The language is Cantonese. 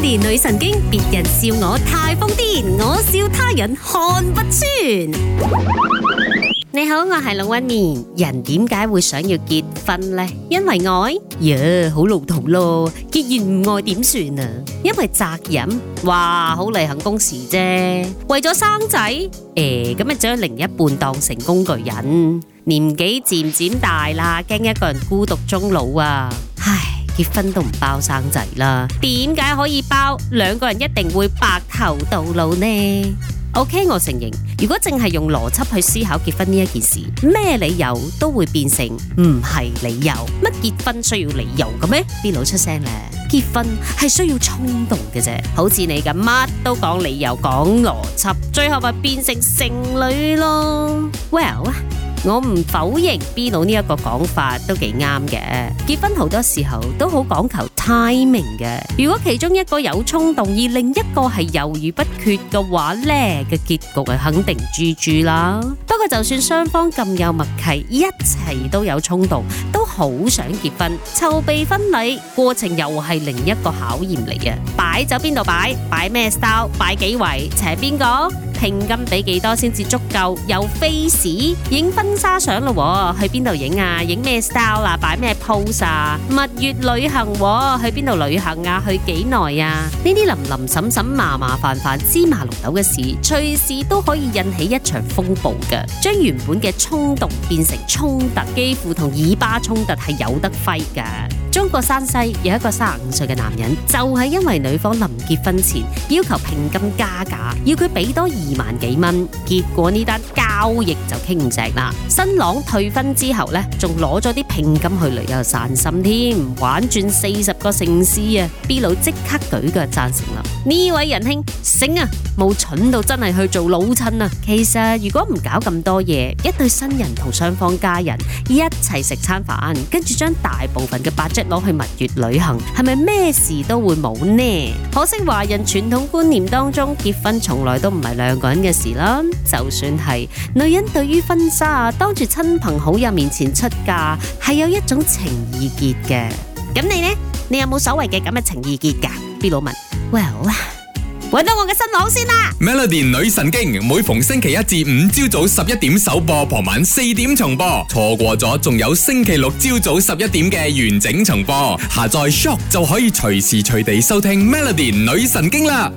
年女神經，別人笑我太瘋癲，我笑他人看不穿。你好，我係龍紋敏。人點解會想要結婚呢？因為愛，呀好老土咯。結完唔愛點算啊？因為責任，哇好例行公事啫。為咗生仔，誒咁咪將另一半當成工具人。年紀漸漸大啦，驚一個人孤獨終老啊，唉。結婚都唔包生仔啦，點解可以包兩個人一定會白頭到老呢？OK，我承認，如果淨係用邏輯去思考結婚呢一件事，咩理由都會變成唔係理由。乜結婚需要理由嘅咩？啲佬出聲啦，結婚係需要衝動嘅啫，好似你咁，乜都講理由講邏輯，最後咪變成剩女咯。Well。我唔否認 B 佬，呢一個講法都幾啱嘅。結婚好多時候都好講求 timing 嘅。如果其中一個有衝動，而另一個係猶豫不決嘅話，呢個結局啊肯定豬豬啦。不過就算雙方咁有默契，一齊都有衝動，都好想結婚，籌備婚禮過程又係另一個考驗嚟嘅：擺酒邊度擺？擺咩 style？擺幾圍？請邊個？聘金俾幾多先至足夠？有 face 影婚婚紗相咯，去邊度影啊？影咩 style 啊？擺咩 pose 啊？蜜月旅行、啊，去邊度旅行啊？去幾耐啊？呢啲林林沈沈麻麻煩煩芝麻綠豆嘅事，隨時都可以引起一場風暴嘅，將原本嘅衝動變成衝突，幾乎同以巴衝突係有得揮噶。中國山西有一個三十五歲嘅男人，就係、是、因為女方臨結婚前要求聘金加價，要佢俾多二萬幾蚊，結果呢單。交易就傾唔成啦！新郎退婚之後呢，仲攞咗啲聘金去旅遊散心添，玩轉四十個城市啊！B 佬即刻舉腳贊成啦！呢位仁兄醒啊，冇蠢到真係去做老襯啊！其實如果唔搞咁多嘢，一對新人同雙方家人一齊食餐飯，跟住將大部分嘅八 u 攞去蜜月旅行，係咪咩事都會冇呢？可惜華人傳統觀念當中，結婚從來都唔係兩個人嘅事啦，就算係。女人對於婚紗啊，當住親朋好友面前出嫁，係有一種情意結嘅。咁你呢？你有冇所謂嘅咁嘅情意結噶？必老問，Well，搵到我嘅新郎先啦。Melody 女神經每逢星期一至五朝早十一點首播，傍晚四點重播，錯過咗仲有星期六朝早十一點嘅完整重播。下載 shop 就可以隨時隨地收聽 Melody 女神經啦。